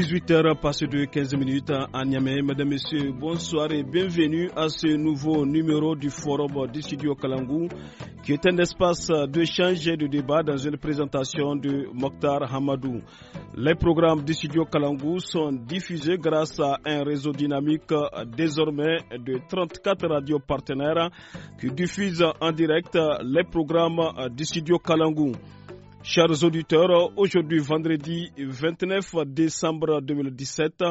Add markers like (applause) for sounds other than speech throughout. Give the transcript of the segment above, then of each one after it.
18h passé de 15 minutes à Niamey. Mesdames, Messieurs, bonsoir et bienvenue à ce nouveau numéro du Forum du Studio Kalangou, qui est un espace d'échange et de débat dans une présentation de Mokhtar Hamadou. Les programmes du Studio Kalangou sont diffusés grâce à un réseau dynamique désormais de 34 radios partenaires qui diffusent en direct les programmes du Studio Kalangou. Chers auditeurs, aujourd'hui vendredi 29 décembre 2017,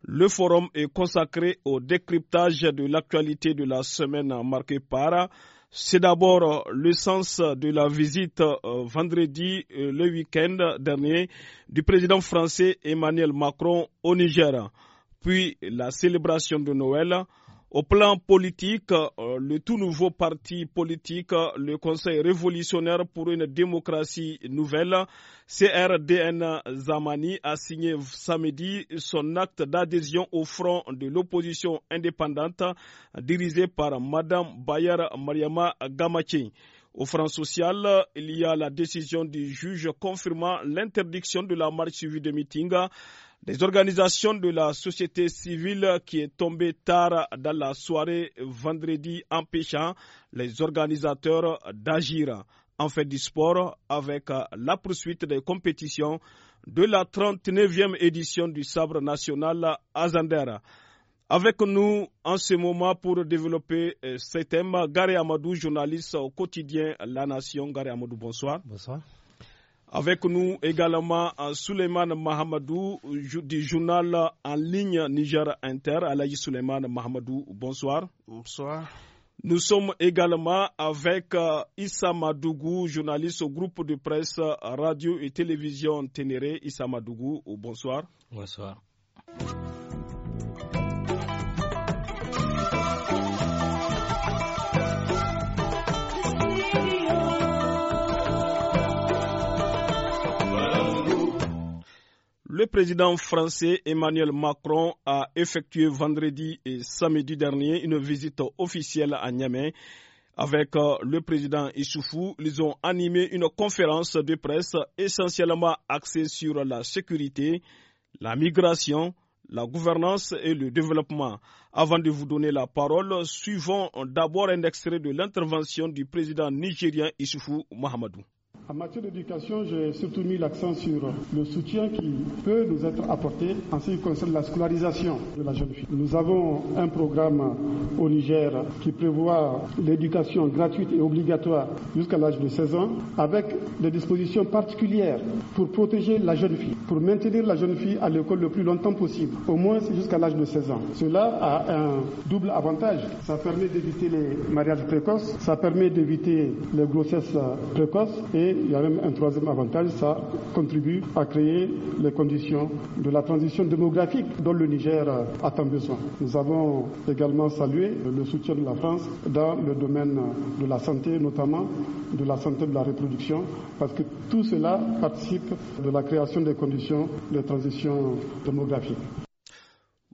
le forum est consacré au décryptage de l'actualité de la semaine marquée par c'est d'abord le sens de la visite euh, vendredi, euh, le week-end dernier, du président français Emmanuel Macron au Niger, puis la célébration de Noël, au plan politique, euh, le tout nouveau parti politique, le Conseil révolutionnaire pour une démocratie nouvelle, CRDN Zamani, a signé samedi son acte d'adhésion au front de l'opposition indépendante dirigé par Madame Bayer Mariama Gamache. Au front social, il y a la décision du juge confirmant l'interdiction de la marche suivie de meeting des organisations de la société civile qui est tombée tard dans la soirée vendredi empêchant les organisateurs d'agir. En fait du sport, avec la poursuite des compétitions de la 39e édition du sabre national à Zandera. Avec nous en ce moment pour développer euh, ce thème, Gary Amadou, journaliste au quotidien La Nation. Gary Amadou, bonsoir. Bonsoir. Avec nous également euh, Souleymane Mahamadou du journal euh, en ligne Niger Inter. Alaï Souleymane Mahamadou, bonsoir. Bonsoir. Nous sommes également avec Issa Madougou, journaliste au groupe de presse radio et télévision Ténéré. Issa Madougou, bonsoir. Bonsoir. Le président français Emmanuel Macron a effectué vendredi et samedi dernier une visite officielle à Niamey. Avec euh, le président Issoufou, ils ont animé une conférence de presse essentiellement axée sur la sécurité, la migration, la gouvernance et le développement. Avant de vous donner la parole, suivons d'abord un extrait de l'intervention du président nigérien Issoufou Mahamadou. En matière d'éducation, j'ai surtout mis l'accent sur le soutien qui peut nous être apporté en ce qui concerne la scolarisation de la jeune fille. Nous avons un programme au Niger qui prévoit l'éducation gratuite et obligatoire jusqu'à l'âge de 16 ans avec des dispositions particulières pour protéger la jeune fille, pour maintenir la jeune fille à l'école le plus longtemps possible, au moins jusqu'à l'âge de 16 ans. Cela a un double avantage. Ça permet d'éviter les mariages précoces, ça permet d'éviter les grossesses précoces et il y a même un troisième avantage, ça contribue à créer les conditions de la transition démographique dont le Niger a tant besoin. Nous avons également salué le soutien de la France dans le domaine de la santé, notamment de la santé de la reproduction, parce que tout cela participe de la création des conditions de transition démographique.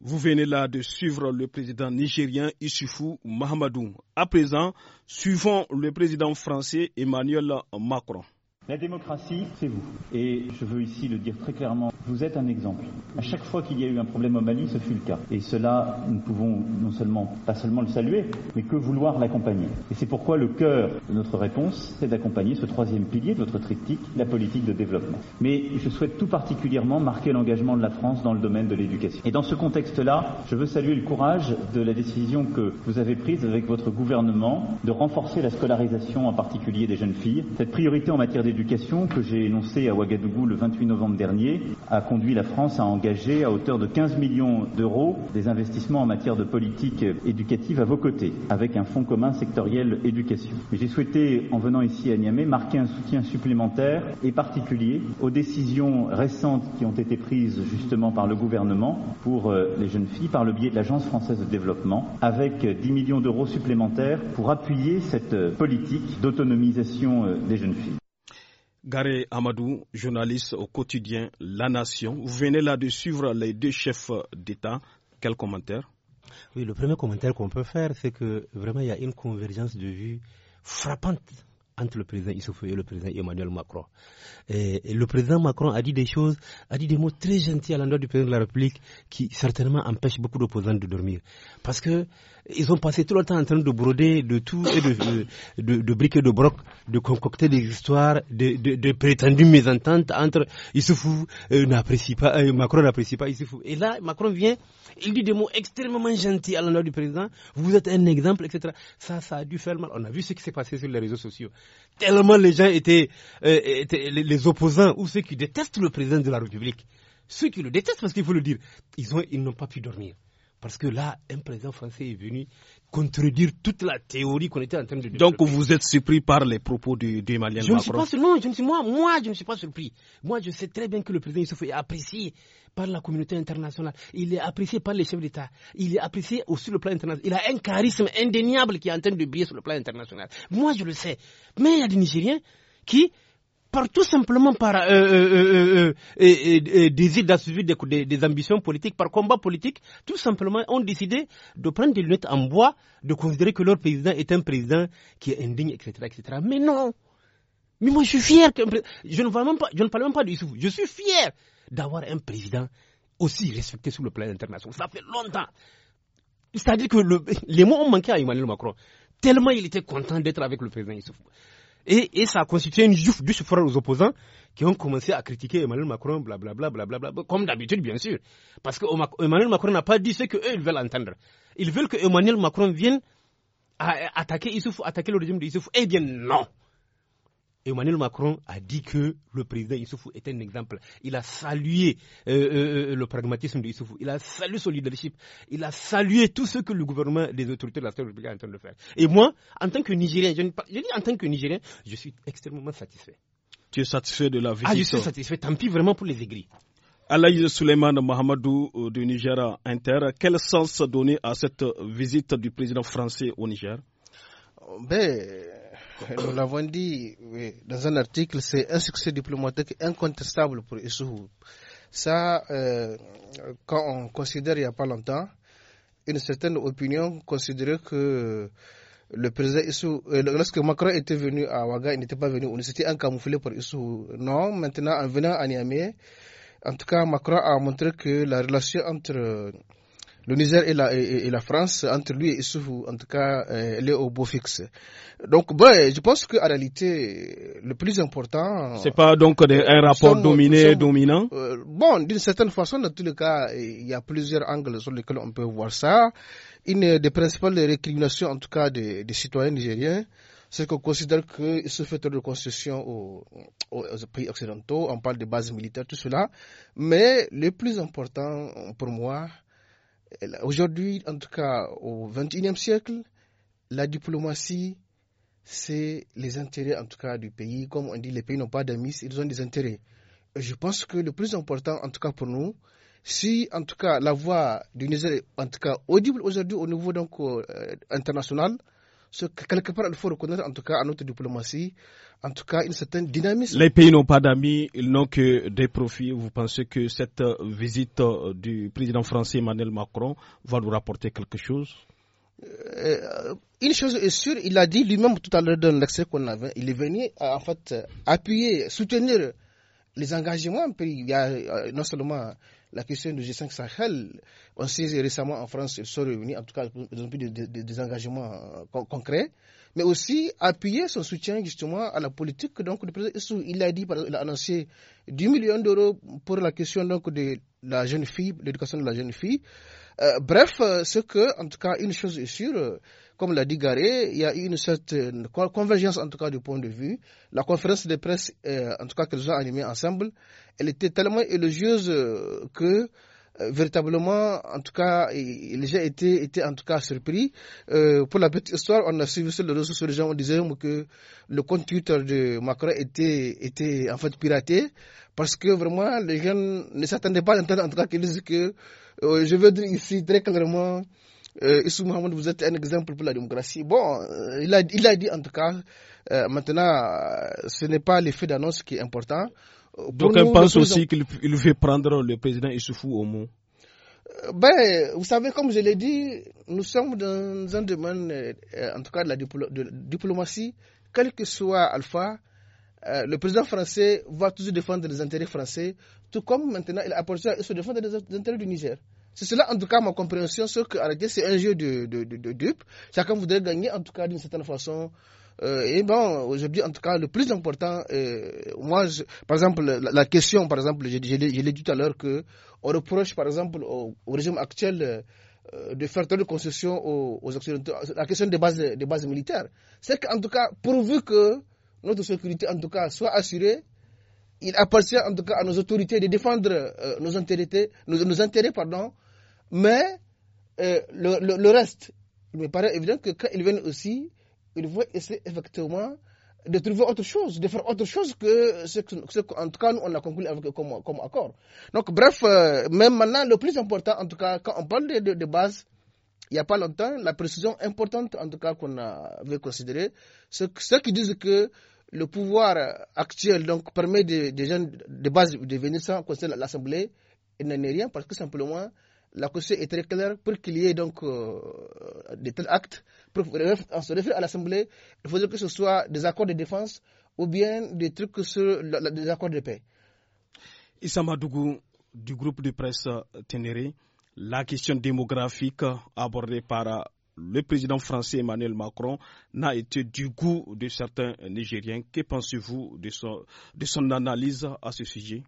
Vous venez là de suivre le président nigérien Issoufou Mahamadou. À présent, suivons le président français Emmanuel Macron. La démocratie, c'est vous. Et je veux ici le dire très clairement, vous êtes un exemple. À chaque fois qu'il y a eu un problème au Mali, ce fut le cas. Et cela, nous pouvons non seulement, pas seulement le saluer, mais que vouloir l'accompagner. Et c'est pourquoi le cœur de notre réponse, c'est d'accompagner ce troisième pilier de votre triptyque, la politique de développement. Mais je souhaite tout particulièrement marquer l'engagement de la France dans le domaine de l'éducation. Et dans ce contexte-là, je veux saluer le courage de la décision que vous avez prise avec votre gouvernement de renforcer la scolarisation, en particulier des jeunes filles. Cette priorité en matière d'éducation l'éducation que j'ai énoncée à Ouagadougou le 28 novembre dernier a conduit la France à engager à hauteur de 15 millions d'euros des investissements en matière de politique éducative à vos côtés, avec un fonds commun sectoriel éducation. j'ai souhaité, en venant ici à Niamey, marquer un soutien supplémentaire et particulier aux décisions récentes qui ont été prises justement par le gouvernement pour euh, les jeunes filles par le biais de l'Agence française de développement, avec 10 millions d'euros supplémentaires pour appuyer cette euh, politique d'autonomisation euh, des jeunes filles. Garé Amadou, journaliste au quotidien La Nation. Vous venez là de suivre les deux chefs d'État. Quel commentaire Oui, le premier commentaire qu'on peut faire, c'est que vraiment il y a une convergence de vues frappante entre le président Issoufou et le président Emmanuel Macron. le président Macron a dit des choses, a dit des mots très gentils à l'endroit du président de la République qui certainement empêchent beaucoup d'opposants de dormir. Parce que ils ont passé tout le temps en train de broder de tout et de, de, de, briques et de broc, de concocter des histoires, de, prétendues mésententes entre Issoufou euh, n'apprécie pas, euh, Macron n'apprécie pas Issoufou. Et là, Macron vient, il dit des mots extrêmement gentils à l'honneur du président, vous êtes un exemple, etc. Ça, ça a dû faire mal. On a vu ce qui s'est passé sur les réseaux sociaux. Tellement les gens étaient, euh, les, opposants ou ceux qui détestent le président de la République. Ceux qui le détestent, parce qu'il faut le dire, ils n'ont ils pas pu dormir. Parce que là, un président français est venu contredire toute la théorie qu'on était en train de dire. Donc vous êtes surpris par les propos de du je ne suis pas, Non, moi, je ne suis pas surpris. Moi, je sais très bien que le président Youssef est apprécié par la communauté internationale. Il est apprécié par les chefs d'État. Il est apprécié aussi sur le plan international. Il a un charisme indéniable qui est en train de briller sur le plan international. Moi, je le sais. Mais il y a des Nigériens qui tout simplement par euh, euh, euh, désir d'assouvir des, ambitions politiques, par combat politique, tout simplement ont décidé de prendre des lunettes en bois, de considérer que leur président est un président qui est indigne, etc. etc. Mais non Mais moi je suis fier, que, je, ne parle même pas, je ne parle même pas de je suis fier d'avoir un président aussi respecté sur le plan international. Ça fait longtemps. C'est-à-dire que (laughs) les mots ont manqué à Emmanuel Macron, tellement il était content d'être avec le président Issoufou. Et, ça a constitué une juffe du souffrance aux opposants qui ont commencé à critiquer Emmanuel Macron, blablabla, blablabla, comme d'habitude, bien sûr. Parce que Emmanuel Macron n'a pas dit ce qu'eux, ils veulent entendre. Ils veulent que Emmanuel Macron vienne attaquer attaquer le régime d'Isuf, Eh bien, non Emmanuel Macron a dit que le président Issoufou était un exemple. Il a salué euh, euh, le pragmatisme de Issoufou. Il a salué son leadership. Il a salué tout ce que le gouvernement des autorités de la République est en train de faire. Et moi, en tant que Nigérien, je, dis en tant que Nigérien, je suis extrêmement satisfait. Tu es satisfait de la visite Ah, je suis satisfait. Tant pis vraiment pour les aigris. Alaïs Souleymane Mahamadou euh, du Niger Inter, quel sens donner à cette visite du président français au Niger oh, ben, eh, nous l'avons dit dans un article, c'est un succès diplomatique incontestable pour Issoufou. Ça, euh, quand on considère il n'y a pas longtemps, une certaine opinion considérait que le président Issou, euh, lorsque Macron était venu à Ouaga, il n'était pas venu, c'était un camouflé pour Issou. Non, maintenant, en venant à Niamey, en tout cas, Macron a montré que la relation entre le Niger et la, France, entre lui et Issoufou, en tout cas, euh, elle est au beau fixe. Donc, ben, je pense qu'en réalité, le plus important. C'est pas donc un euh, rapport dominé, dominant euh, Bon, d'une certaine façon, dans tous les cas, il y a plusieurs angles sur lesquels on peut voir ça. Une des principales récriminations, en tout cas, des, citoyens nigériens, c'est qu'on considère qu'il se fait de concession aux, aux, pays occidentaux, on parle de bases militaires, tout cela. Mais le plus important pour moi, Aujourd'hui, en tout cas au XXIe siècle, la diplomatie, c'est les intérêts en tout cas du pays. Comme on dit, les pays n'ont pas d'amis, ils ont des intérêts. je pense que le plus important, en tout cas pour nous, si en tout cas la voix du Niger est en tout cas audible aujourd'hui au niveau donc, euh, international, quelque part, il faut reconnaître en tout cas à notre diplomatie, en tout cas une certaine dynamisme. Les pays n'ont pas d'amis, ils n'ont que des profits. Vous pensez que cette visite euh, du président français Emmanuel Macron va nous rapporter quelque chose euh, une chose est sûre, il a dit lui-même tout à l'heure dans l'accès qu'on avait, il est venu euh, en fait appuyer, soutenir les engagements. Il non seulement la question du G5 Sahel, on sait récemment en France, ils sont réunis, en tout cas, ils des, engagements euh, concrets, mais aussi appuyer son soutien justement à la politique donc, le président Il a dit, il a annoncé 10 millions d'euros pour la question donc, de la jeune fille, l'éducation de la jeune fille. Euh, bref, euh, ce que, en tout cas, une chose est sûre, comme l'a dit Garé, il y a eu une certaine convergence, en tout cas, du point de vue. La conférence de presse, euh, en tout cas, qu'elles ont animée ensemble, elle était tellement élogieuse euh, que euh, véritablement, en tout cas, les gens étaient, étaient en tout cas surpris. pour la petite histoire, on a suivi sur le réseau, sur les gens disait que le compte Twitter de Macron était, était en fait piraté parce que vraiment, les gens ne s'attendaient pas à entendre en tout cas qu'ils disent que, je veux dire ici très clairement, euh, Issou Mohamed, vous êtes un exemple pour la démocratie. Bon, euh, il, a, il a dit en tout cas, euh, maintenant, euh, ce n'est pas l'effet d'annonce qui est important. Donc, pense aussi qu'il veut prendre le président Issoufou au mot. Ben, vous savez, comme je l'ai dit, nous sommes dans un domaine, en tout cas de la, diplomatie, quel que soit Alpha, le président français va toujours défendre les intérêts français, tout comme maintenant il apporté à se défendre les intérêts du Niger. C'est cela, en tout cas, ma compréhension, c'est que arrêter, c'est un jeu de, de, de, Chacun voudrait gagner, en tout cas, d'une certaine façon. Euh, et bon, aujourd'hui, en tout cas, le plus important, euh, moi, par exemple, la, question, par exemple, je, l'ai dit tout à l'heure, que on reproche, par exemple, au, régime actuel euh, de faire tant de concessions aux, aux, Occidentaux, la question des bases, des bases militaires. C'est qu'en tout cas, pourvu que notre sécurité, en tout cas, soit assurée, il appartient en tout cas à nos autorités de défendre nos intérêts, nos intérêts pardon, mais euh, le, le, reste, il me paraît évident que quand ils viennent aussi, ils vont essayer effectivement de trouver autre chose, de faire autre chose que ce, qu'en tout cas nous on a conclu comme, comme accord. Donc bref, euh, même maintenant le plus important en tout cas quand on parle de, base, il n'y a pas longtemps, la précision importante en tout cas qu'on avait considérée, c'est ceux qui disent que le pouvoir actuel donc permet des, gens de base de venir sans conseil l'Assemblée, il n'en est rien parce que simplement la question est très claire pour qu'il y ait donc des euh, de tels actes. Pour en se référer à l'Assemblée, il faudrait que ce soit des accords de défense ou bien des trucs sur des accords de paix. Issa Madougou, du groupe de presse euh, Ténéré, la question démographique abordée par euh, le président français Emmanuel Macron n'a été du goût de certains Nigériens. Que pensez-vous de son analyse à ce sujet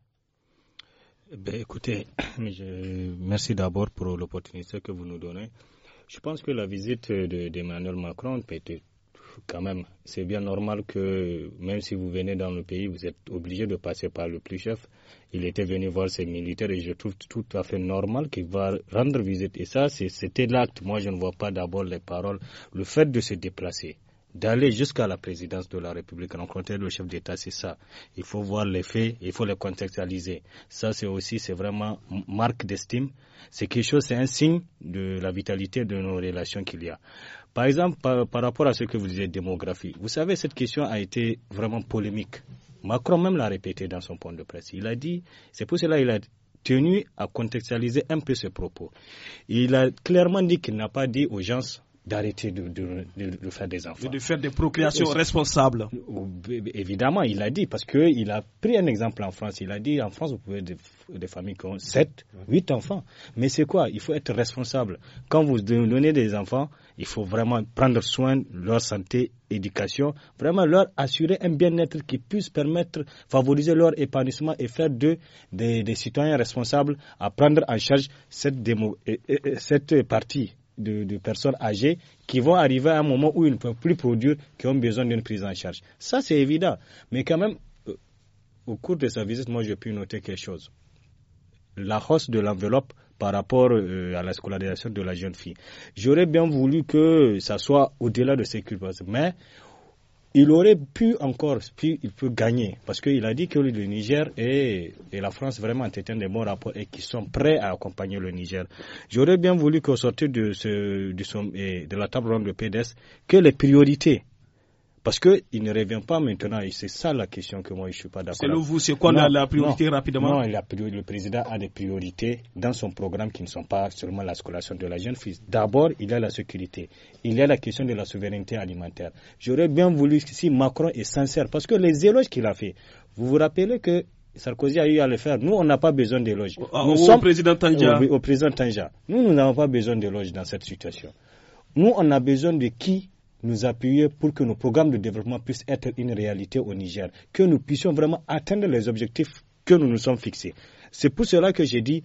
ben écoutez, (clears throat) je, merci d'abord pour l'opportunité que vous nous donnez. Je pense que la visite d'Emmanuel Macron peut être quand même, c'est bien normal que même si vous venez dans le pays, vous êtes obligé de passer par le plus chef. Il était venu voir ses militaires et je trouve tout à fait normal qu'il va rendre visite. Et ça, c'était l'acte. Moi, je ne vois pas d'abord les paroles. Le fait de se déplacer, d'aller jusqu'à la présidence de la République, rencontrer le chef d'État, c'est ça. Il faut voir les faits, il faut les contextualiser. Ça, c'est aussi, c'est vraiment marque d'estime. C'est quelque chose, c'est un signe de la vitalité de nos relations qu'il y a. Par exemple, par, rapport à ce que vous disiez, démographie, vous savez, cette question a été vraiment polémique. Macron même l'a répété dans son point de presse. Il a dit, c'est pour cela qu'il a tenu à contextualiser un peu ses propos. Il a clairement dit qu'il n'a pas dit aux gens d'arrêter de, de, de, faire des enfants. de faire des procréations responsables. Évidemment, il a dit, parce qu'il a pris un exemple en France. Il a dit, en France, vous pouvez des, des familles qui ont 7, 8 enfants. Mais c'est quoi Il faut être responsable. Quand vous donnez des enfants, il faut vraiment prendre soin de leur santé, éducation, vraiment leur assurer un bien-être qui puisse permettre, favoriser leur épanouissement et faire d'eux des, citoyens responsables à prendre en charge cette, démo, cette partie de, personnes âgées qui vont arriver à un moment où ils ne peuvent plus produire, qui ont besoin d'une prise en charge. Ça, c'est évident. Mais quand même, euh, au cours de sa visite, moi, j'ai pu noter quelque chose. La hausse de l'enveloppe par rapport euh, à la scolarisation de la jeune fille. J'aurais bien voulu que ça soit au-delà de ces culpables. Mais il aurait pu encore, puis il peut gagner, parce qu'il a dit que le Niger et, la France vraiment entretiennent des bons rapports et qu'ils sont prêts à accompagner le Niger. J'aurais bien voulu qu'au sortir de, ce, de, de la table ronde de PDS, que les priorités parce qu'il ne revient pas maintenant, et c'est ça la question que moi je ne suis pas d'accord. Selon vous, c'est quoi la, priorité rapidement Non, le président a des priorités dans son programme qui ne sont pas seulement la scolation de la jeune fille. D'abord, il y a la sécurité, il y a la question de la souveraineté alimentaire. J'aurais bien voulu, si Macron est sincère, parce que les éloges qu'il a fait, vous vous rappelez que Sarkozy a eu à le faire. Nous, on n'a pas besoin d'éloges. nous au, président Tanja. Au, au président Tanja. Nous, nous n'avons pas besoin d'éloges dans cette situation. Nous, on a besoin de qui nous appuyer pour que nos programmes de développement puissent être une réalité au Niger, que nous puissions vraiment atteindre les objectifs que nous nous sommes fixés. C'est pour cela que j'ai dit,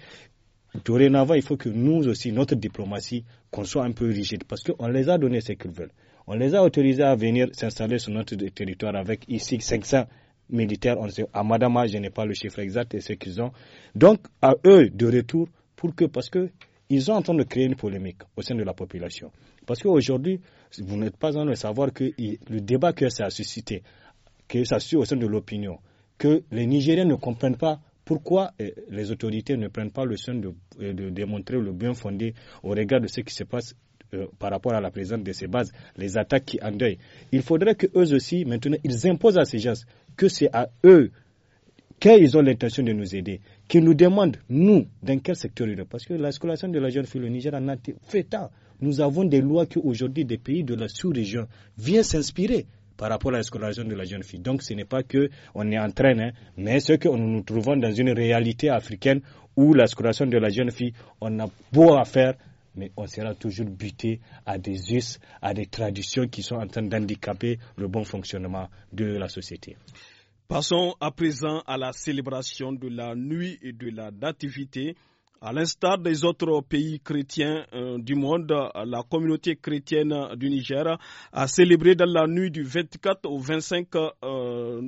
dorénavant, il faut que nous aussi, notre diplomatie, qu'on soit un peu rigide, parce qu'on les a donné ce qu'ils veulent. On les a autorisés à venir s'installer sur notre territoire avec ici 500 militaires. On sait, à Madama, je n'ai pas le chiffre exact et ce qu'ils ont. Donc, à eux de retour, pour que, parce qu'ils ils ont en train de créer une polémique au sein de la population. Parce qu'aujourd'hui, vous n'êtes pas en train de savoir que le débat que ça a suscité, que ça suit au sein de l'opinion, que les Nigériens ne comprennent pas pourquoi eh, les autorités ne prennent pas le soin eh, de, démontrer le bien fondé au regard de ce qui se passe euh, par rapport à la présence de ces bases, les attaques qui endeuillent. Il faudrait qu'eux aussi, maintenant, ils imposent à ces gens que c'est à eux qu'ils ont l'intention de nous aider, qu'ils nous demandent, nous, dans quel secteur ils sont. Parce que la scolation de la jeune fille au Niger en a fait nous avons des lois qui, aujourd'hui des pays de la sous-région viennent s'inspirer par rapport à la de la jeune fille. Donc ce n'est pas que on est en train, hein, mais ce que nous nous trouvons dans une réalité africaine où la de la jeune fille, on a beau à faire, mais on sera toujours buté à des us, à des traditions qui sont en train d'handicaper le bon fonctionnement de la société. Passons à présent à la célébration de la nuit et de la nativité à l'instar des autres pays chrétiens euh, du monde, la communauté chrétienne du Niger a célébré dans la nuit du 24 au 25 euh,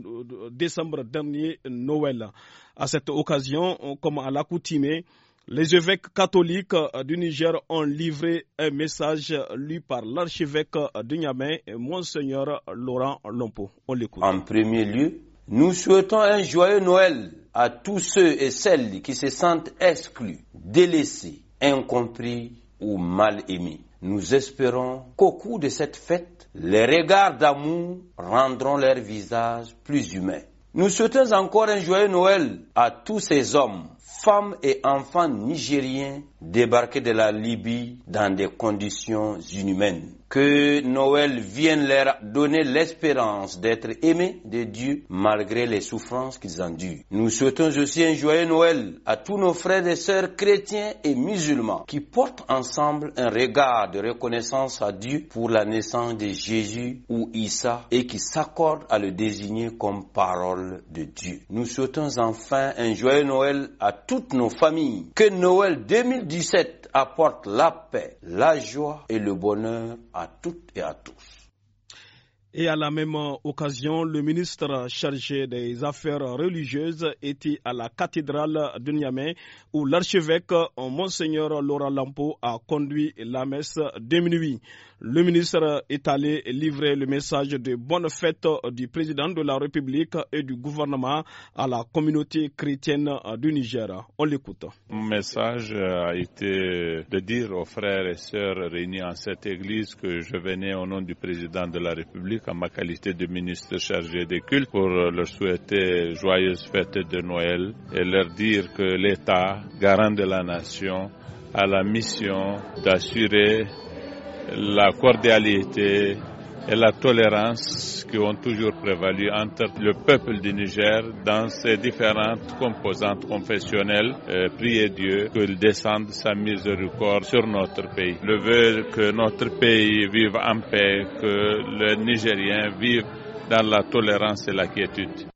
décembre dernier Noël. À cette occasion, euh, comme à l'accoutumée, les évêques catholiques du Niger ont livré un message lu par l'archevêque de Niamey, Monseigneur Laurent Lompo. On l'écoute. En premier lieu, nous souhaitons un joyeux Noël à tous ceux et celles qui se sentent exclus, délaissés, incompris ou mal aimés. Nous espérons qu'au cours de cette fête, les regards d'amour rendront leurs visages plus humains. Nous souhaitons encore un joyeux Noël à tous ces hommes femmes et enfants nigériens débarqués de la Libye dans des conditions inhumaines. Que Noël vienne leur donner l'espérance d'être aimés de Dieu malgré les souffrances qu'ils ont dû. Nous souhaitons aussi un joyeux Noël à tous nos frères et sœurs chrétiens et musulmans qui portent ensemble un regard de reconnaissance à Dieu pour la naissance de Jésus ou Issa et qui s'accordent à le désigner comme parole de Dieu. Nous souhaitons enfin un joyeux Noël à toutes nos familles. Que Noël 2017 apporte la paix, la joie et le bonheur à toutes et à tous. Et à la même occasion, le ministre chargé des affaires religieuses était à la cathédrale de Niamey où l'archevêque euh, Monseigneur Laura Lampo a conduit la messe de minuit. Le ministre est allé livrer le message de bonne fête du président de la République et du gouvernement à la communauté chrétienne du Niger. On l'écoute. Mon message a été de dire aux frères et sœurs réunis en cette église que je venais au nom du président de la République en ma qualité de ministre chargé des cultes pour leur souhaiter joyeuses fêtes de Noël et leur dire que l'État, garant de la nation, a la mission d'assurer la cordialité et la tolérance qui ont toujours prévalu entre le peuple du Niger dans ses différentes composantes confessionnelles. priez Dieu qu'il descende sa miséricorde sur notre pays. Le vœu que notre pays vive en paix, que le Nigérien vive dans la tolérance et la quiétude.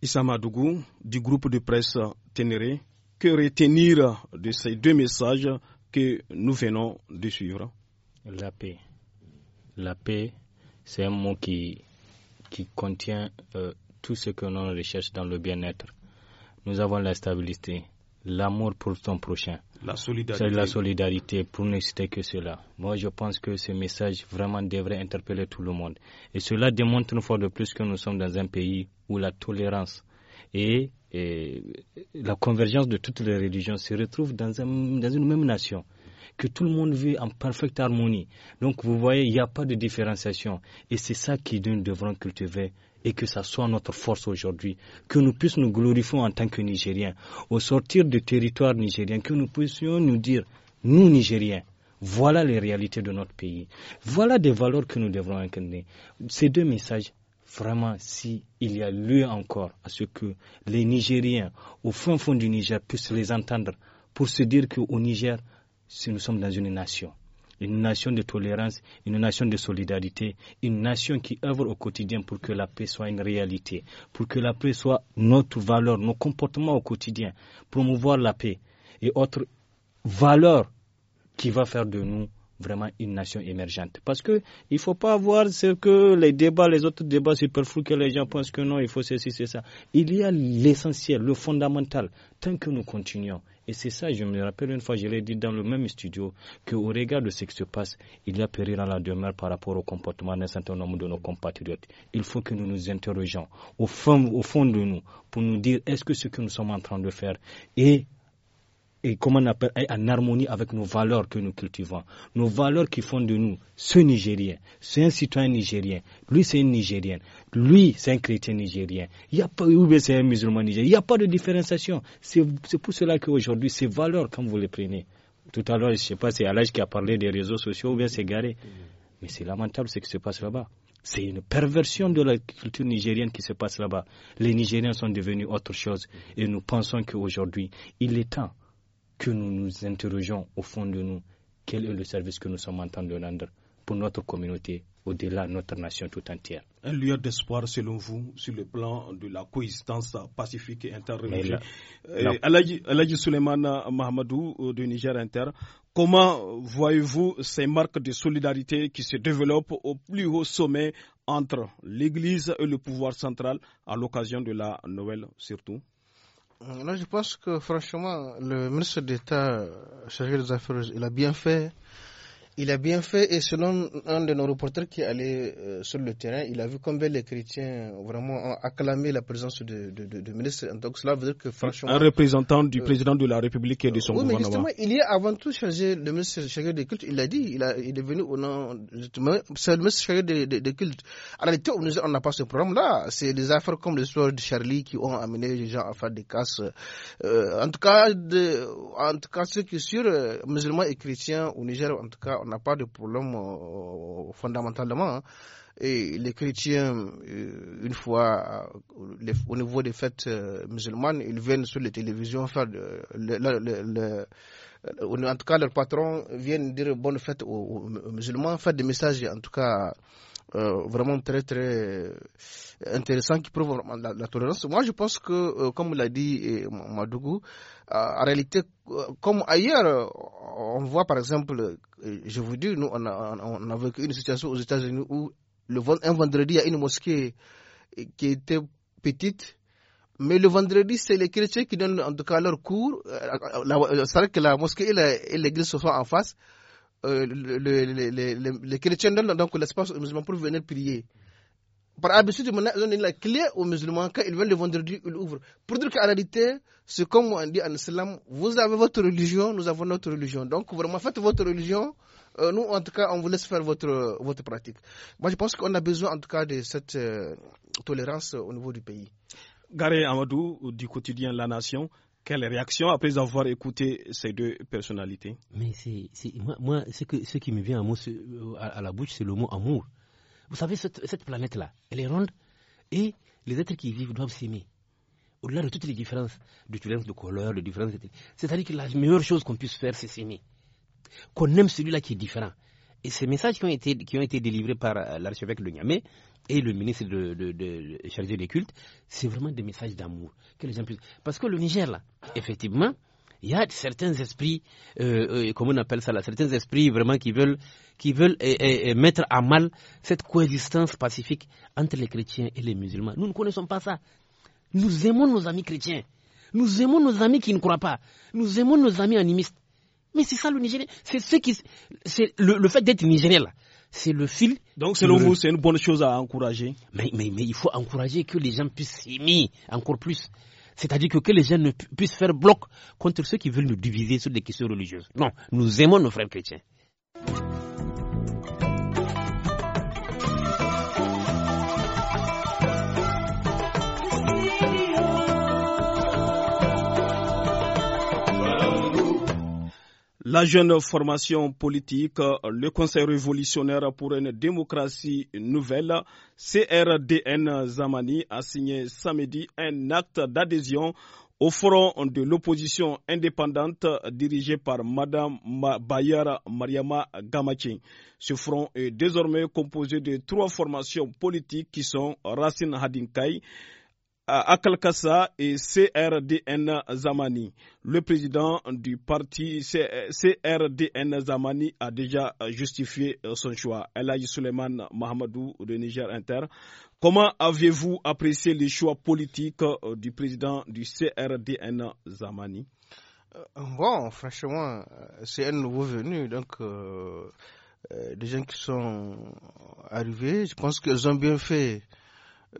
Issa Dougou du groupe de presse Ténéré, que retenir de ces deux messages que nous venons de suivre la paix. La paix, c'est un mot qui, qui contient euh, tout ce que l'on recherche dans le bien-être. Nous avons la stabilité, l'amour pour son prochain. La solidarité. C'est la solidarité, pour ne citer que cela. Moi, je pense que ce message vraiment devrait interpeller tout le monde. Et cela démontre une fois de plus que nous sommes dans un pays où la tolérance et et la convergence de toutes les religions se retrouve dans, une même nation que tout le monde vit en parfaite harmonie. Donc vous voyez, il n'y a pas de différenciation. Et c'est ça qui nous devrons cultiver et que ça soit notre force aujourd'hui, que nous puissions nous glorifier en tant que Nigériens, au sortir du territoire nigérien, que nous puissions nous dire, nous Nigériens, voilà les réalités de notre pays, voilà des valeurs que nous devrons incarner. Ces deux messages, vraiment s'il y a lieu encore à ce que les Nigériens au fond fond du Niger puissent les entendre pour se dire qu'au Niger, si nous sommes dans une nation, une nation de tolérance, une nation de solidarité, une nation qui œuvre au quotidien pour que la paix soit une réalité, pour que la paix soit notre valeur, nos comportements au quotidien, promouvoir la paix et autres valeurs qui va faire de nous vraiment une nation émergente. Parce que il faut pas avoir ce que les débats, les autres débats superflus que les gens pensent que non, il faut ceci, c'est ça. Il y a l'essentiel, le fondamental, tant que nous continuons. Et c'est ça, je me rappelle une fois, je l'ai dit dans le même studio, qu'au regard de ce qui se passe, il y a péril dans la demeure par rapport au comportement d'un certain nombre de nos compatriotes. Il faut que nous nous interrogeons, au fond, au fond de nous pour nous dire est-ce que ce que nous sommes en train de faire est et comment on appelle, en harmonie avec nos valeurs que nous cultivons. Nos valeurs qui font de nous ce Nigérien, c'est un citoyen nigérien, lui c'est un Nigérienne, lui c'est un chrétien nigérien, il y a pas, ou c'est un musulman nigérien, il n'y a pas de différenciation. C'est pour cela qu'aujourd'hui, ces valeurs, quand vous les prenez, tout à l'heure, je ne sais pas, c'est Alage qui a parlé des réseaux sociaux ou bien c'est Garé. Mais c'est lamentable ce qui se passe là-bas. C'est une perversion de la culture nigérienne qui se passe là-bas. Les Nigériens sont devenus autre chose et nous pensons qu'aujourd'hui, il est temps que nous nous interrogeons au fond de nous quel est le service que nous sommes en train de rendre pour notre communauté, au-delà de notre nation tout entière. Un lieu d'espoir, selon vous, sur le plan de la coexistence pacifique et interreligieuse. Euh, Suleiman Mahamadou euh, de Niger Inter, comment voyez-vous ces marques de solidarité qui se développent au plus haut sommet entre l'Église et le pouvoir central à l'occasion de la Noël surtout euh, là, je pense que franchement, le ministre d'État euh, chargé des Affaires, il a bien fait il a bien fait et selon un de nos reporters qui est allé euh, sur le terrain, il a vu combien les chrétiens vraiment ont acclamé la présence de, de, de, de ministre. Donc cela veut dire que franchement... Un représentant du euh, président de la République et de son oui, gouvernement. Mais justement, il y a avant tout changé le ministre chargé des cultes, il l'a dit, il, est venu au nom... C'est le ministre chargé des, des, cultes. En réalité, on n'a pas ce problème-là. C'est des affaires comme l'histoire de Charlie qui ont amené les gens à faire des casses. Euh, en, tout cas, en tout cas, ce qui est sûr, musulmans et chrétiens au Niger, en tout cas, on n'a pas de problème euh, euh, fondamentalement. Hein. Et les chrétiens, euh, une fois au niveau des fêtes musulmanes, ils viennent sur les télévisions faire le, en tout cas, leur patron vient dire bonne fête aux musulmans, faire des messages en tout cas euh, vraiment très très euh, intéressant, qui prouve la, la, tolérance. Moi, je pense que, euh, comme l'a dit Madougou, en réalité, comme ailleurs, on voit par exemple, je vous dis, nous, on a, on a vécu une situation aux États-Unis où le, un vendredi, il y a une mosquée qui était petite. Mais le vendredi, c'est les chrétiens qui donnent en tout cas leur cours. cest à que la mosquée et l'église se sont en face. Euh, les chrétiens donnent donc l'espace aux musulmans pour venir prier. Par habitude, maintenant, ils donnent la clé aux musulmans. Quand ils veulent le vendredi, ils l'ouvrent. Pour dire qu'en réalité, c'est comme on dit en islam vous avez votre religion, nous avons notre religion. Donc, vraiment, faites votre religion. Euh, nous, en tout cas, on vous laisse faire votre, votre pratique. Moi, je pense qu'on a besoin, en tout cas, de cette euh, tolérance au niveau du pays. Garé Amadou, du quotidien La Nation, quelle réaction après avoir écouté ces deux personnalités Mais c'est, moi, moi ce, qui me vient euh, à, la bouche, c'est le mot amour. Vous savez, cette, planète-là, elle est ronde et les êtres qui y vivent doivent s'aimer. Au-delà de toutes les différences, de de couleur, de différences. C'est-à-dire que la meilleure chose qu'on puisse faire, c'est s'aimer. Qu'on aime celui-là qui est différent. Et ces messages qui ont été, qui ont été délivrés par euh, l'archevêque de Niamey, et le ministre de, chargé des cultes, c'est vraiment des messages d'amour Parce que le Niger, là, effectivement, il y a certains esprits, euh, euh, comment on appelle ça là, certains esprits vraiment qui veulent, qui veulent euh, euh, mettre à mal cette coexistence pacifique entre les chrétiens et les musulmans. Nous ne connaissons pas ça. Nous aimons nos amis chrétiens. Nous aimons nos amis qui ne croient pas. Nous aimons nos amis animistes. Mais c'est ça le Nigérien. C'est ce qui, c'est le, le fait d'être Nigérien là c'est le fil. Donc selon vous, c'est une bonne chose à encourager mais, mais, mais il faut encourager que les gens puissent s'aimer encore plus. C'est-à-dire que, que les gens ne puissent faire bloc contre ceux qui veulent nous diviser sur des questions religieuses. Non, nous aimons nos frères chrétiens. La jeune formation politique, le Conseil révolutionnaire pour une démocratie nouvelle, CRDN Zamani, a signé samedi un acte d'adhésion au front de l'opposition indépendante dirigé par Madame Bayara Mariama Gamachin. Ce front est désormais composé de trois formations politiques qui sont Racine Hadinkai, Akalkassa et CRDN Zamani. Le président du parti CRDN Zamani a déjà justifié euh, son choix. Elaï Suleiman Mahamadou de Niger Inter. Comment avez-vous apprécié les choix politiques euh, du président du CRDN Zamani euh, Bon, franchement, c'est un nouveau venu, donc des gens qui sont arrivés, je pense qu'ils ont bien fait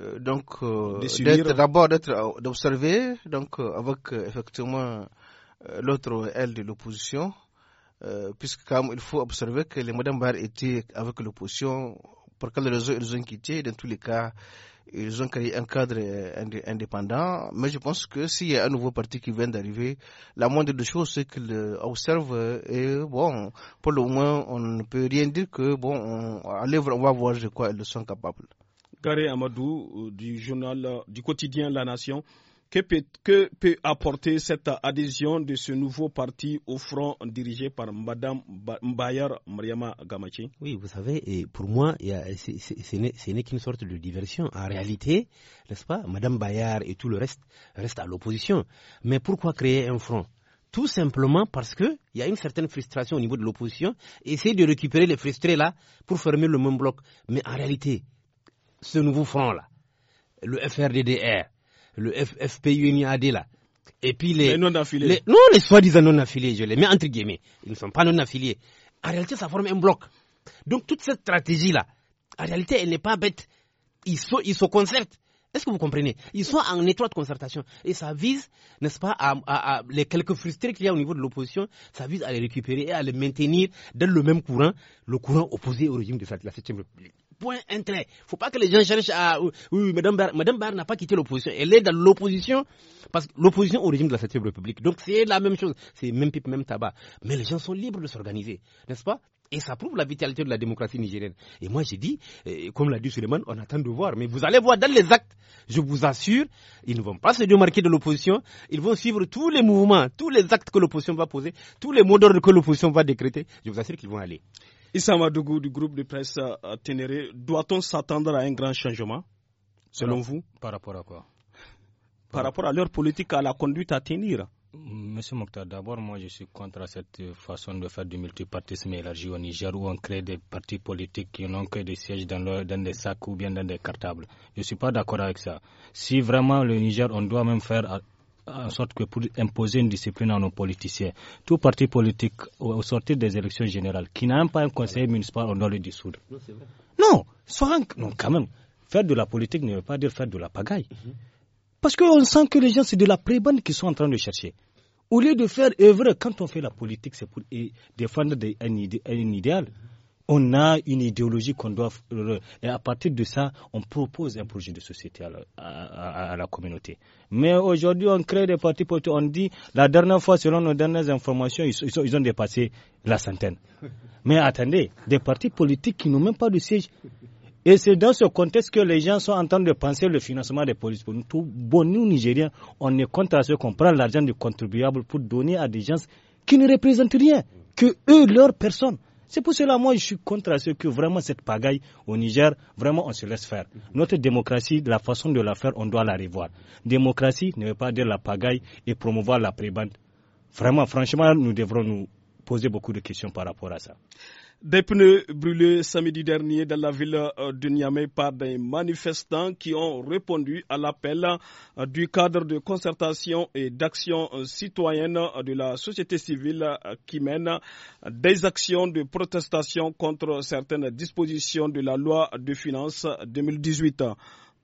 euh, donc euh, d'abord d'être euh, d'observer donc avec effectivement l'autre aile de l'opposition puisque il faut observer que les Madame Bar étaient avec l'opposition pour quelle raison ils ont quitté dans tous les cas ils ont créé un cadre indépendant mais je pense que s'il y a un nouveau parti qui vient d'arriver la moindre des choses c'est qu'ils observent. et bon pour le moins, on ne peut rien dire que bon on, on va voir de quoi ils sont capables Karé Amadou euh, du journal euh, du quotidien La Nation. Que peut, apporter cette adhésion de ce nouveau parti au front dirigé par Mme Mbayar Mariama Gamachi Oui, vous savez, et pour moi, ce n'est qu'une sorte de diversion. En réalité, n'est-ce pas, Madame Bayar et tout le reste restent à l'opposition. Mais pourquoi créer un front tout simplement parce qu'il y a une certaine frustration au niveau de l'opposition, essayer de récupérer les frustrés là pour fermer le même bloc. Mais en réalité, ce nouveau front-là, le FRDDR, le FPUMIAD, là, et puis les... Les non-affiliés. non, les soi-disant non-affiliés, je les mets entre guillemets. Ils ne sont pas non-affiliés. En réalité, ça forme un bloc. Donc toute cette stratégie-là, en réalité, elle n'est pas bête. Ils sont, ils Est-ce que vous comprenez Ils sont en étroite concertation. Et ça vise, n'est-ce pas, à, les quelques frustrés qu'il y a au niveau de l'opposition, ça vise à les récupérer et à les maintenir dans le même courant, le courant opposé au régime de la 7 République point intérêt. faut pas que les gens cherchent à. Oui, Madame Barre, n'a pas quitté l'opposition. Elle est dans l'opposition parce que l'opposition au régime de la Septième République. Donc c'est la même chose. C'est même pipe, même tabac. Mais les gens sont libres de s'organiser, n'est-ce pas et ça prouve la vitalité de la démocratie nigérienne. Et moi, j'ai dit, comme l'a dit Suleiman, on attend de voir. Mais vous allez voir dans les actes, je vous assure, ils ne vont pas se démarquer de l'opposition. Ils vont suivre tous les mouvements, tous les actes que l'opposition va poser, tous les mots d'ordre que l'opposition va décréter. Je vous assure qu'ils vont aller. Issa du groupe de presse euh, Ténéré, doit-on s'attendre à un grand changement, selon vous Par rapport à quoi Par rapport à leur politique, à la conduite à tenir mm, Monsieur Mokhtar, d'abord, moi je suis contre cette façon de faire du multipartisme élargi au Niger où on crée des partis politiques qui n'ont que des sièges dans, leur, dans, des sacs ou bien dans des cartables. Je ne suis pas d'accord avec ça. Si vraiment le Niger, on doit même faire en sorte que pour imposer une discipline à nos politiciens, tout parti politique au sortir des élections générales qui n'a même pas un conseil municipal, on doit le dissoudre. Non, quand même, faire de la politique ne veut pas dire faire de la pagaille. Parce qu'on sent que les gens, c'est de la prébande qu'ils sont en train de chercher. Au lieu de faire œuvre, quand on fait la politique, c'est pour défendre un, idéal. On a une idéologie qu'on doit. Euh, et à partir de ça, on propose un projet de société à la communauté. Mais aujourd'hui, on crée des partis politiques. On dit, la dernière fois, selon nos dernières informations, ils, ont, dépassé la centaine. (laughs) Mais attendez, des partis politiques qui n'ont même pas de siège. Et c'est dans ce contexte que les gens sont en train de penser le financement des politiques. Pour nous, tout bon, nous, Nigériens, on est contre à ce qu'on prend l'argent du contribuable pour donner à des gens qui ne représentent rien, que eux, leurs personnes. C'est pour cela, moi, je suis contre à ce que vraiment cette pagaille au Niger, vraiment, on se laisse faire. Mhm. Notre démocratie, la façon de la faire, on doit la revoir. Démocratie ne veut pas dire la pagaille et promouvoir la prébande. Vraiment, franchement, nous devrons nous poser beaucoup de questions par rapport à ça. Des pneus brûlés samedi dernier dans la ville euh, de Niamey par des manifestants qui ont répondu à l'appel euh, du cadre de concertation et d'action euh, citoyenne de la société civile qui mène des actions de protestation contre certaines dispositions de la loi de finances 2018.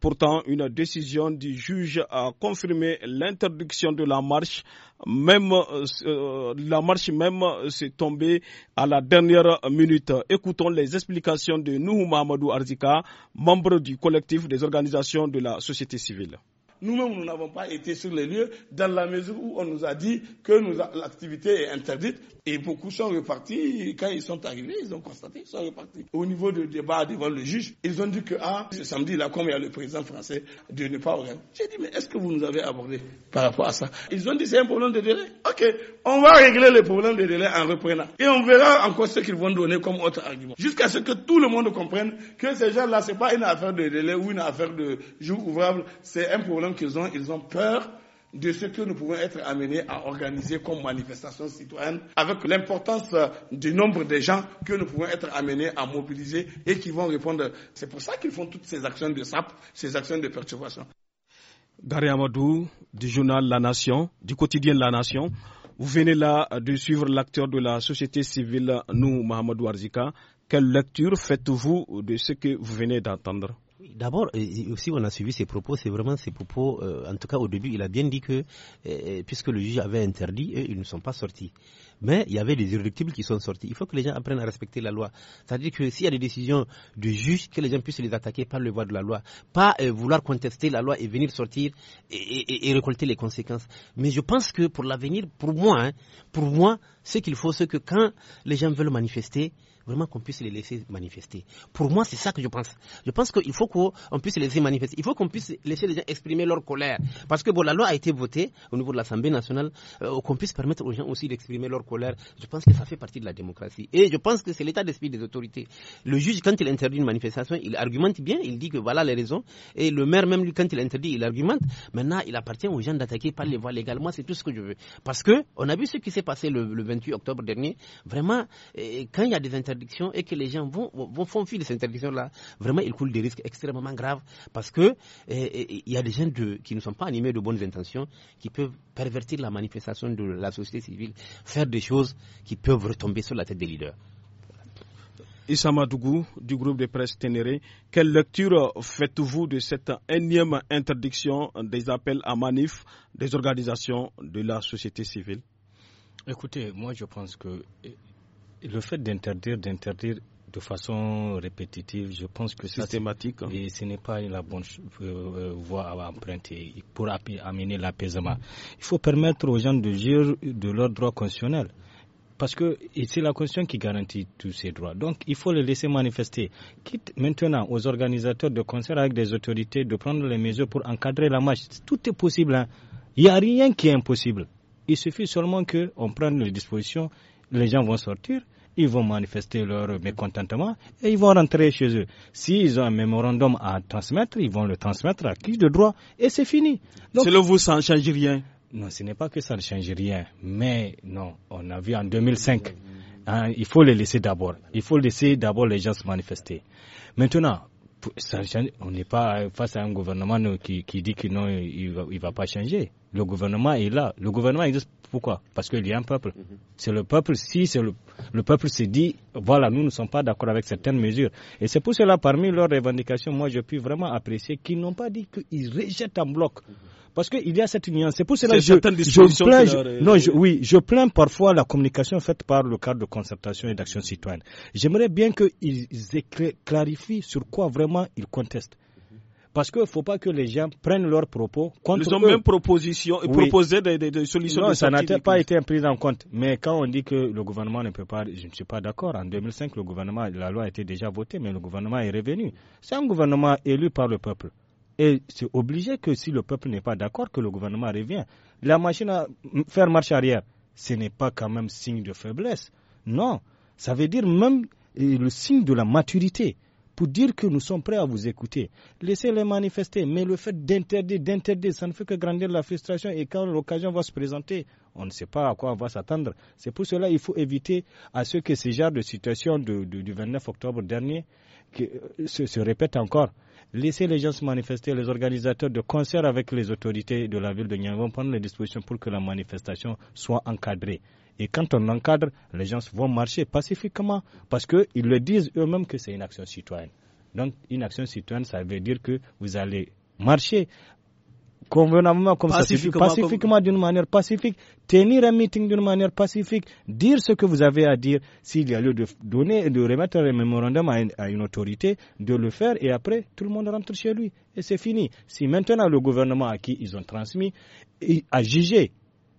Pourtant, une décision du juge a confirmé l'interdiction de la marche. Même euh, euh, la marche même euh, s'est tombée à la dernière minute. Écoutons les explications de Nouhou Mahamadou Arzika, membre du collectif des organisations de la société civile. Nous-mêmes, nous n'avons pas été sur les lieux dans la mesure où on nous a dit que l'activité est interdite et beaucoup sont repartis. Quand ils sont arrivés, ils ont constaté qu'ils sont repartis. Au niveau du débat devant le juge, ils ont dit que, ah, ce samedi, là, comme il y a le président français, de ne pas rien J'ai dit, mais est-ce que vous nous avez abordé par rapport à ça Ils ont dit, c'est un problème de délai. OK, on va régler le problème de délai en reprenant. Et on verra encore ce qu'ils vont donner comme autre argument. Jusqu'à ce que tout le monde comprenne que ces gens-là, c'est pas une affaire de délai ou une affaire de jour ouvrable, c'est un problème qu'ils ont, ils ont peur de ce que nous pouvons être amenés à organiser comme manifestation citoyenne, avec l'importance euh, du nombre de gens que nous pouvons être amenés à mobiliser et qui vont répondre. C'est pour ça qu'ils font toutes ces actions de SAP, ces actions de perturbation. Gary Amadou, du journal La Nation, du quotidien La Nation. Vous venez là euh, de suivre l'acteur de la société civile, nous, Mohamed Ouarzika. Quelle lecture faites-vous de ce que vous venez d'entendre D'abord, si on a suivi ses propos, c'est vraiment ses propos, euh, en tout cas au début, il a bien dit que, euh, euh, puisque le juge avait interdit, eux, ils ne sont pas sortis. Mais il y avait des irréductibles qui sont sortis. Il faut que les gens apprennent à respecter la loi. C'est-à-dire que s'il y a des décisions du juge, que les gens puissent les attaquer par le voie de la loi. Pas vouloir contester la loi et venir sortir et, récolter les conséquences. Mais je pense que pour l'avenir, pour moi, hein, pour moi, ce qu'il faut, c'est que quand les gens veulent manifester, vraiment qu'on puisse les laisser manifester. Pour moi, c'est ça que je pense. Je pense qu'il faut qu'on puisse les laisser manifester. Il faut qu'on puisse laisser les gens exprimer leur colère. Parce que bon, la loi a été votée au niveau de l'Assemblée nationale, euh, qu'on puisse permettre aux gens aussi d'exprimer leur colère. Je pense que ça fait partie de la démocratie. Et je pense que c'est l'état d'esprit des autorités. Le juge, quand il interdit une manifestation, il argumente bien, il dit que voilà les raisons. Et le maire, même lui, quand il interdit, il argumente. Maintenant, il appartient aux gens d'attaquer par les voies légales. Moi, c'est tout ce que je veux. Parce que on a vu ce qui s'est passé le, 28 octobre dernier. Vraiment, quand il y a des interdits, et que les gens vont, vont font fi de cette interdiction-là, vraiment, ils coulent des risques extrêmement graves parce que eh, eh, eh, il y a des gens qui ne sont pas animés de bonnes intentions qui peuvent pervertir la manifestation de la société civile, faire des choses qui peuvent retomber sur la tête des leaders. Issa Madougou, du groupe de presse Ténéré. Quelle lecture faites-vous de cette énième interdiction des appels à manif des organisations de la société civile Écoutez, moi je pense que le fait d'interdire, d'interdire de façon répétitive, je pense que systématique. Hein. et ce n'est pas la bonne euh, euh, voie à emprunter pour amener l'apaisement. Il faut permettre aux gens de jouir de leurs droits constitutionnels. Parce que c'est la Constitution qui garantit tous ces droits. Donc, il faut les laisser manifester. Quitte maintenant aux organisateurs de concerts avec des autorités de prendre les mesures pour encadrer la marche. Tout est possible. Hein. Il n'y a rien qui est impossible. Il suffit seulement qu'on prenne les dispositions les gens vont sortir, ils vont manifester leur mécontentement et ils vont rentrer chez eux. S'ils ont un mémorandum à transmettre, ils vont le transmettre à qui de droit et c'est fini. Donc, Selon vous, ça ne change rien Non, ce n'est pas que ça ne change rien, mais non, on a vu en 2005. Hein, il faut les laisser d'abord. Il faut laisser d'abord les gens se manifester. Maintenant, ça on n'est pas face à un gouvernement qui, dit que non, il, il va pas changer. Le gouvernement est là. Le gouvernement existe pourquoi Parce qu'il y a un peuple. Mhm. C'est le peuple, si c'est le, peuple s'est dit, voilà, nous ne sommes pas d'accord avec certaines mesures. Et c'est pour cela, parmi leurs revendications, moi, je puis vraiment apprécier qu'ils n'ont pas dit qu'ils rejettent en bloc. Mhm. Parce qu'il y a cette nuance. C'est pour cela que je, plains, non, oui, je plains parfois la communication faite par le cadre de concertation et d'action citoyenne. J'aimerais bien qu'ils clarifient sur quoi vraiment ils contestent. Parce qu'il ne faut pas que les gens prennent leurs propos contre Ils ont même proposition, proposé des, solutions. Non, ça n'a pas été pris en compte. Mais quand on dit que le gouvernement ne peut pas, je ne suis pas d'accord. En 2005, le gouvernement, la loi était déjà votée, mais le gouvernement est revenu. C'est un gouvernement élu par le peuple. Et c'est obligé que si le peuple n'est pas d'accord, que le gouvernement revient. La machine à faire marche arrière, ce n'est pas quand même signe de faiblesse. Non, ça veut dire même euh, le signe de la maturité pour dire que nous sommes prêts à vous écouter. Laissez-les manifester, mais le fait d'interdire, d'interdire, ça ne fait que grandir la frustration et quand l'occasion va se présenter, on ne sait pas à quoi on va s'attendre. C'est pour cela qu'il faut éviter à ce que ce genre de situation du 29 octobre dernier euh, se, répète encore. Laissez les gens se manifester, les organisateurs de concerts avec les autorités de la ville de Niangon, prendre les dispositions pour que la manifestation soit encadrée. Et quand on encadre, les gens vont marcher pacifiquement parce qu'ils le disent eux-mêmes que c'est une action citoyenne. Donc, une action citoyenne, ça veut dire que vous allez marcher convenablement, comme pacifiquement, ça pacifiquement, d'une manière pacifique, tenir un meeting d'une manière pacifique, dire ce que vous avez à dire, s'il y a lieu de donner, de remettre un mémorandum à une, à une, autorité, de le faire, et après, tout le monde rentre chez lui, et c'est fini. Si maintenant le gouvernement à qui ils ont transmis a jugé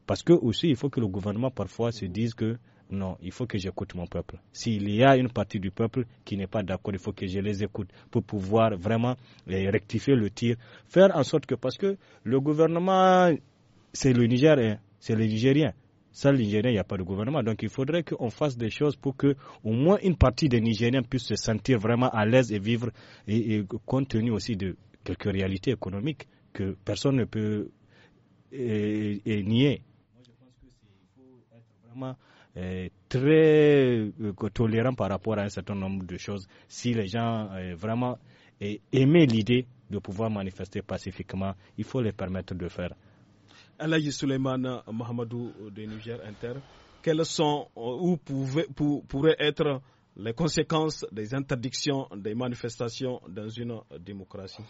parce que aussi, il faut que le gouvernement parfois se dise que non, il faut que j'écoute mon peuple. S'il y a une partie du peuple qui n'est pas d'accord, il faut que je les écoute pour pouvoir vraiment eh, rectifier le tir. Faire en sorte que, parce que le gouvernement, c'est le Nigerien, hein, c'est le Nigérien. Sans le Nigérien, il n'y a pas de gouvernement. Donc il faudrait qu'on fasse des choses pour que au moins une partie des Nigériens puisse se sentir vraiment à l'aise et vivre, et, compte tenu aussi de quelques réalités économiques que personne ne peut eh, eh, nier. Euh, très euh, tolérant par rapport à un certain nombre de choses si les gens euh, vraiment aimaient l'idée de pouvoir manifester pacifiquement, il faut les permettre de faire. Alayi Suleiman Mohamedou de Niger Inter, quelles sont ou pourraient être les conséquences des interdictions des manifestations dans une démocratie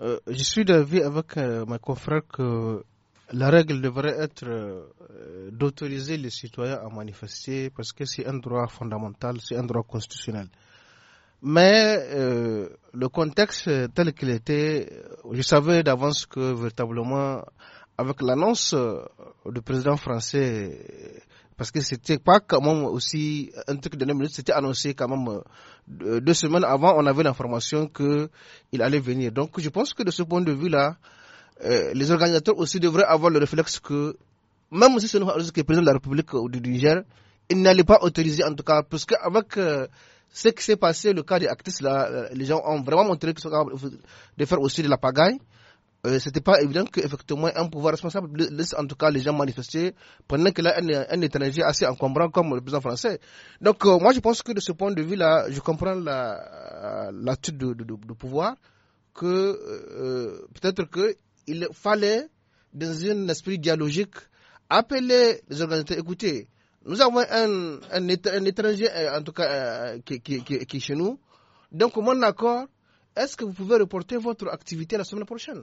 Je suis d'avis avec mes confrères que la règle devrait être euh, d'autoriser les citoyens à manifester parce que c'est un droit fondamental, c'est un droit constitutionnel. Mais euh, le contexte tel qu'il était, je savais d'avance que véritablement, avec l'annonce euh, du président français, parce que c'était pas quand même aussi un truc de 9 minute, c'était annoncé quand même deux semaines avant, on avait l'information qu'il allait venir. Donc je pense que de ce point de vue-là, euh, les organisateurs aussi devraient avoir le réflexe que, même si ce n'est pas le président de la République ou euh, du Niger, il n'allait pas autoriser en tout cas, parce qu'avec euh, ce qui s'est passé, le cas des actrices, là, les gens ont vraiment montré qu'ils sont capables de faire aussi de la pagaille. Euh, c'était pas évident qu'effectivement un pouvoir responsable laisse en tout cas les gens manifester pendant que là un, un étranger assez encombrant comme le président français. Donc moi je pense que de ce point de vue là, je comprends la l'attitude du pouvoir que peut-être que il fallait, dans un esprit dialogique, appeler les organisateurs, écoutez, nous avons un, un, étranger, euh, en tout cas, euh, qui, qui, est chez nous. Donc, mon accord, est-ce que vous pouvez reporter votre activité la semaine prochaine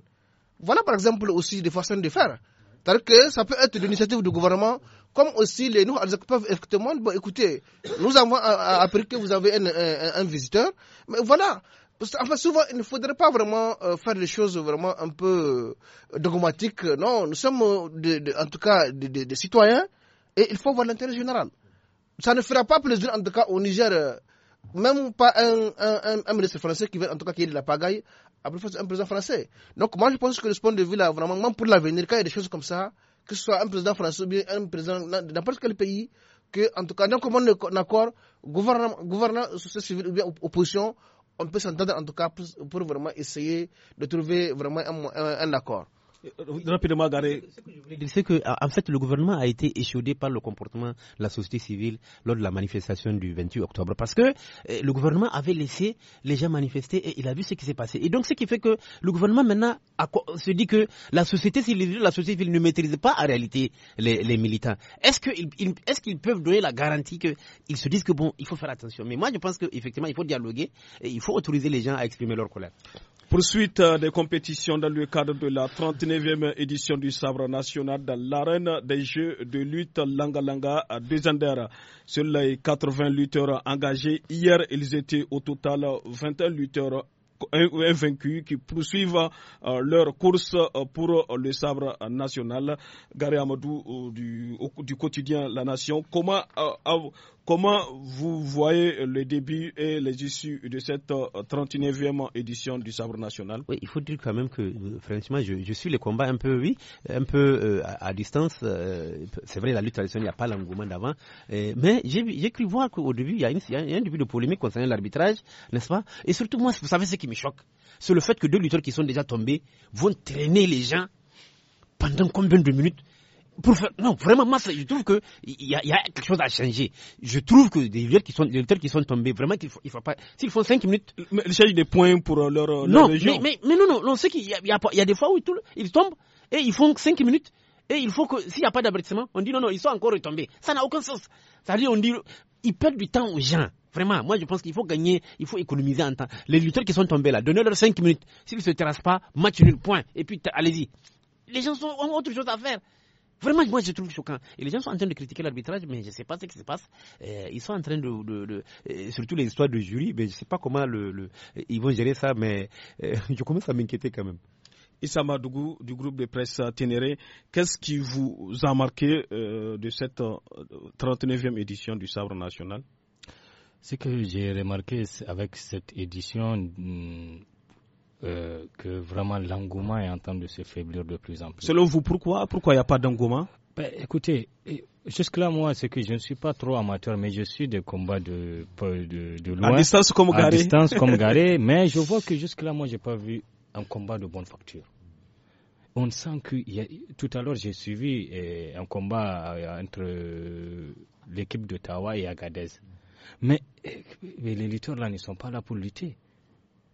Voilà, par exemple, aussi des façons de faire. que ça peut être l'initiative du gouvernement, comme aussi les nous peuvent effectivement, écoutez, nous avons euh, appris que vous avez un, un, un, visiteur, mais voilà, parce que, enfin, souvent, il ne faudrait pas vraiment euh, faire des choses vraiment un peu euh, dogmatiques. Non, nous sommes euh, en tout cas des citoyens et il faut voir l'intérêt général. Ça ne fera pas plaisir, en tout cas, au Niger, même pas un, ministre français qui veut en tout cas qu'il y ait de la pagaille, après un président français. Donc, moi, je pense que le ce point de vue-là, vraiment, pour l'avenir, quand il y a des choses comme ça, que ce soit un président français ou bien un président de n'importe quel pays, que, en tout cas, d'un commun accord, gouvernement, gouvernement, société civile ou bien opposition, on peut s'entendre en tout cas pour, vraiment essayer de trouver vraiment un accord rapidement, Garé. Ce que je voulais dire, que, en fait, le gouvernement a été échaudé par le comportement de la société civile lors de la manifestation du 28 octobre. Parce que eh, le gouvernement avait laissé les gens manifester et il a vu ce qui s'est passé. Et donc, ce qui fait que le gouvernement, maintenant, se dit que la société civile, la ne maîtrise pas en réalité les, militants. Est-ce qu'ils est peuvent donner la garantie qu'ils se disent que, bon, il faut faire attention Mais moi, je pense qu'effectivement, il faut dialoguer et il faut autoriser les gens à exprimer leur colère. Poursuite euh, des compétitions dans le cadre de la Neuvième édition du Sabre national dans l'arène des Jeux de lutte Langa Langa à Dezender. Sur les 80 lutteurs engagés hier, ils étaient au total 21 lutteurs invaincus qui poursuivent euh, leur course euh, pour le sabre national. Gary Amadou euh, du, du quotidien La Nation, comment Comment vous voyez le début et les issues de cette 39e euh, édition du Sabre national Oui, il faut dire quand même que, euh, franchement, je, suis le combat un peu, oui, un peu euh, à, distance. c'est vrai, la lutte traditionnelle, il n'y a pas l'engouement d'avant. mais j'ai cru voir qu'au début, il y, a une, il y, a un début de polémique concernant l'arbitrage, n'est-ce pas Et surtout, moi, vous savez ce qui me choque C'est le fait que deux lutteurs qui sont déjà tombés vont traîner les gens pendant combien de minutes non, vraiment, moi, je trouve qu'il y, a, y a quelque chose à changer. Je trouve que des lutteurs qui sont, qui sont tombés, vraiment, qu'il faut, il faut pas. S'ils font 5 minutes. Mais ils cherchent des points pour euh, leur, euh, leur non, Mais, mais, non, non, on sait qu'il y a, des fois où ils tombent et ils font 5 minutes. Et il faut que, s'il n'y a pas d'abritissement, on dit non, non, ils sont encore retombés. Ça n'a aucun sens. Ça veut dire, on dit, ils perdent du temps aux gens. Vraiment, moi je pense qu'il faut gagner, il faut économiser en temps. Les lutteurs qui sont tombés là, donnez-leur 5 minutes. S'ils ne se terrassent pas, match nul, point. Et puis allez-y. Les gens ont autre chose à faire. Vraiment, moi, je trouve choquant. Et les gens sont en train de critiquer l'arbitrage, mais je ne sais pas ce qui se passe. Euh, ils sont en train de. Euh, surtout les histoires de jury, mais je ne sais pas comment euh, ils vont gérer ça, mais (laughs) je commence à m'inquiéter quand même. Issa Madougou du groupe de presse Ténéré, qu'est-ce qui vous a marqué de cette 39e édition du Sabre national Ce que j'ai remarqué avec cette édition, hmm, euh, que vraiment l'engouement est en train de se faiblir de plus en plus. Selon vous, pourquoi Pourquoi il n'y a pas d'engouement ben, Écoutez, jusque-là, moi, c'est que je ne suis pas trop amateur, mais je suis des combats de, de, loin. À distance comme garé. À distance comme (laughs) garé, mais je vois que jusque-là, moi, je n'ai pas vu un combat de bonne facture on sent que tout à l'heure j'ai suivi eh, un combat euh, entre euh, l'équipe d'Ottawa et Agadez. Mais, eh, mais, les lutteurs là ne sont pas là pour lutter.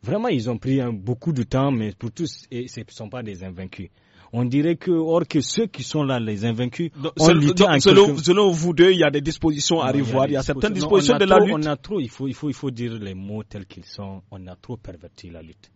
Vraiment, ils ont pris beaucoup de temps, mais pour tous, ce ne sont pas des invaincus. On dirait que, or que ceux qui sont là, les invaincus, ont lutté en selon, selon, vous deux, il y a des dispositions à revoir, il y a, certaines dispositions de la lutte. On a trop, il faut, il faut, il faut dire les mots tels qu'ils sont, on a trop perverti la lutte.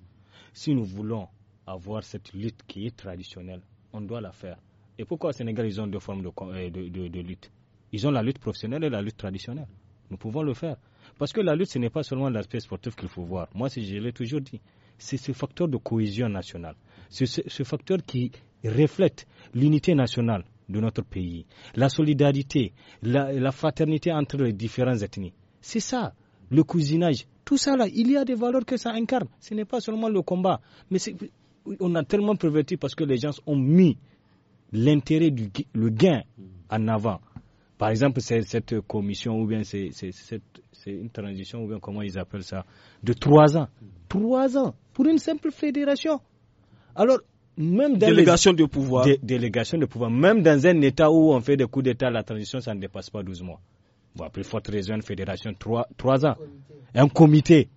Si nous voulons avoir cette lutte qui est traditionnelle, on doit la faire. Et pourquoi au Sénégal, ils ont deux formes de euh, lutte Ils ont la lutte professionnelle et la lutte traditionnelle. Nous pouvons le faire. Parce que la lutte, ce n'est pas seulement l'aspect sportif qu'il faut voir. Moi, je l'ai toujours dit, c'est ce facteur de cohésion nationale. C'est ce, facteur qui reflète l'unité nationale de notre pays, la solidarité, la, fraternité entre les différentes ethnies. C'est ça, le cousinage. Tout ça, là, il y a des valeurs que ça incarne. Ce n'est pas seulement le combat. Mais on a tellement perverti parce que les gens ont mis l'intérêt, du le gain en avant. Par exemple, cette commission ou bien c'est une transition ou bien comment ils appellent ça, de trois ans. Trois ans pour une simple fédération. Alors, même délégation de pouvoir. délégation de pouvoir. Même dans un État où on fait des coups d'État, la transition, ça ne dépasse pas 12 mois. Bon, plus forte raison, une fédération, trois ans. Un comité.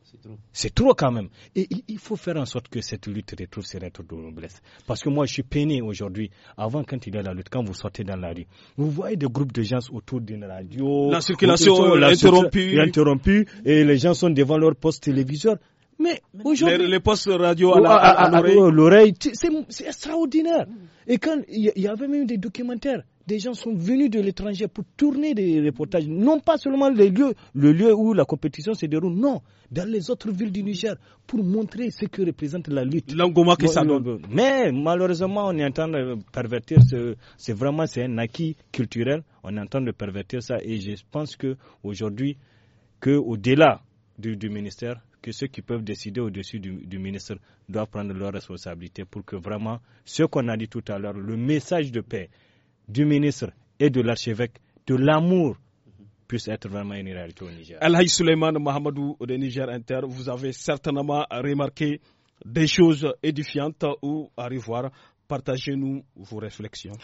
C'est trop quand même. Et il faut faire en sorte que cette lutte retrouve ses lettres de noblesse. Parce que moi, je suis peiné aujourd'hui. Avant, quand il y a la lutte, quand vous sortez dans la rue, vous voyez des groupes de gens autour d'une radio. La circulation est interrompue. interrompue. Et les gens sont devant leur poste téléviseur. Mais Les, postes radio à, l'oreille. C'est extraordinaire. Et quand il y, avait même des documentaires, des gens sont venus de l'étranger pour tourner des reportages. Non pas seulement les lieux, le lieu où la compétition se déroule, non. Dans les autres villes du Niger, pour montrer ce que représente la lutte. Mais malheureusement, on est en train de pervertir C'est vraiment un acquis culturel. On est en train de pervertir ça. Et je pense qu'aujourd'hui quau au-delà du ministère, que ceux qui peuvent décider au-dessus du, ministre doivent prendre leurs responsabilités pour que vraiment ce qu'on a dit tout à l'heure, le message de paix du ministre et de l'archevêque, de l'amour puisse être vraiment une réalité au Niger. Alhaï Suleiman Mahamadou de Niger Inter, vous avez certainement remarqué des choses édifiantes ou à revoir. Partagez-nous vos réflexions.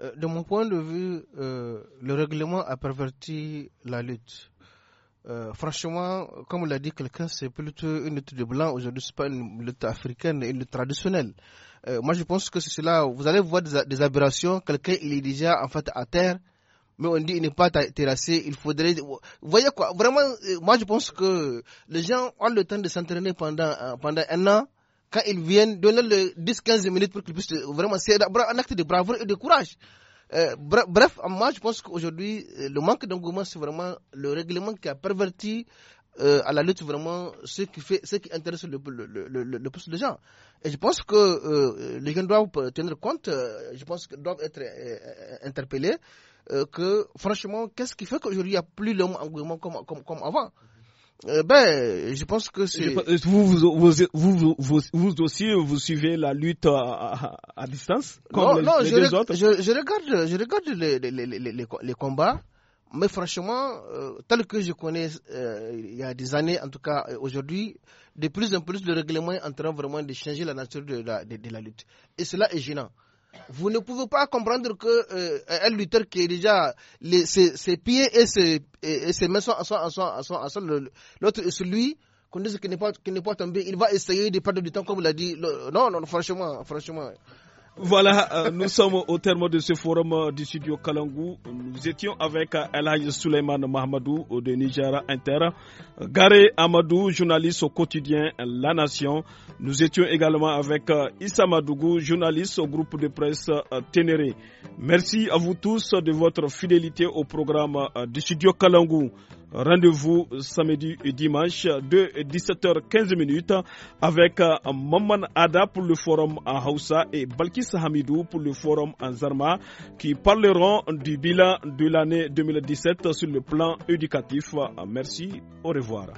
Euh, de mon point de vue, euh, le règlement a perverti la lutte. Euh, franchement, comme l'a dit quelqu'un, c'est plutôt une lutte de blanc. Aujourd'hui, c'est pas une lutte africaine, une lutte traditionnelle. Euh, moi, je pense que c'est cela. Vous allez voir des, aberrations. Quelqu'un, il est déjà en fait à terre, mais on dit il n'est pas terrassé. Il faudrait. voyez quoi Vraiment, euh, moi, je pense que les gens ont le temps de s'entraîner pendant pendant un an. Quand ils viennent, donnez le 10-15 minutes pour qu'ils puissent vraiment. C'est un acte de bravoure et de courage. Euh, bref, moi je pense qu'aujourd'hui, euh, le manque d'engouement, c'est vraiment le règlement qui a perverti euh, à la lutte vraiment ce qui, fait, ce qui intéresse le, le, le, le plus de gens. Et je pense que les gens doivent tenir compte, je pense qu'ils doivent être interpellés, que franchement, qu'est-ce qui fait qu'aujourd'hui il n'y a plus l'engouement comme, comme, comme avant euh, ben, je pense que c'est. Vous vous, vous, vous, aussi, vous suivez la lutte à, distance Non, non je, Je, regarde, je regarde les, les combats, mais franchement, euh, tel que je connais euh, il y a des années, en tout cas aujourd'hui, de plus en plus de règlements en train vraiment de changer la nature de la lutte. Et cela est gênant. Vous ne pouvez pas comprendre que euh, un lutteur qui est déjà ses, pieds et ses, ses mains sont, ensemble, l'autre celui qu'on dise qu'il n'est pas, pas tombé, il va essayer de perdre du temps comme l'a dit. non, non, franchement, franchement, voilà, euh, nous sommes au terme de ce forum euh, du studio Kalangou. Nous étions avec euh, Elhaj Suleiman Mahmadou de Nigeria Inter, Garé Amadou, journaliste au quotidien La Nation. Nous étions également avec Issa Madougou, journaliste au groupe de presse Ténéré. Merci à vous tous de votre fidélité au programme du studio Kalangou. Rendez-vous samedi et dimanche de 17h15 avec euh, Maman Ada pour le forum en Hausa et Balkis Hamidou pour le forum en Zarma qui parleront du bilan de l'année 2017 sur le plan éducatif. Merci, au revoir.